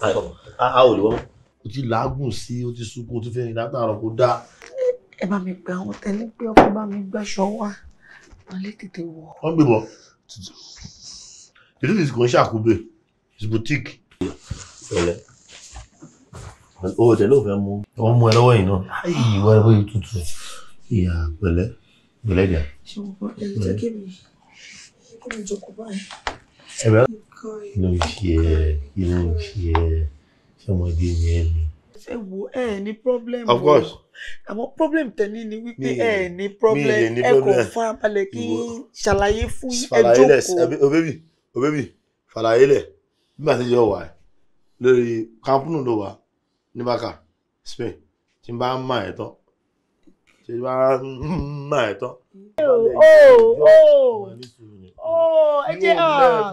a ò o ti làágùn sí o ti sunkún o ti fẹ́ rìn látàárọ̀ kó dáa. ẹ bá mi gba àwọn tẹ́lẹ̀ pé ọkọ bá mi gbàṣọ wá wọn lè tètè wọ. wọ́n gbé bọ̀ títí kò ń ṣàkóbè it's boutique. ọ̀lẹ́ o ò tẹ́lẹ̀ ò fẹ́ mú wọ́n mú ẹ lọ́wọ́ yìí náà. ayi ìwà ẹ̀ bóyá tutù ìyá pẹ̀lẹ́ pẹ̀lẹ́ jà. ṣé mo bọ́ ẹ jẹ́ kí mi kí mi jókòó báyìí ẹ̀rọ ló ń ṣe ẹ kí ló ń ṣe ẹ ṣọmọdé ni ẹ wo ẹ ní problem o àmọ́ problem tẹni ni wípé ẹ ní problem ẹ kò fa balẹ̀ kí ṣàlàyé fún ẹ jókòó. òbẹ́bì oh òbẹ́bì oh fàlàyé lẹ̀ bí màá ti yọ wà lórí kampunu ló wà ní bàkà Spain tí n bá ń mà ẹ̀ tán tí n bá ń mà ẹ̀ tán. ó ó ó. 对啊。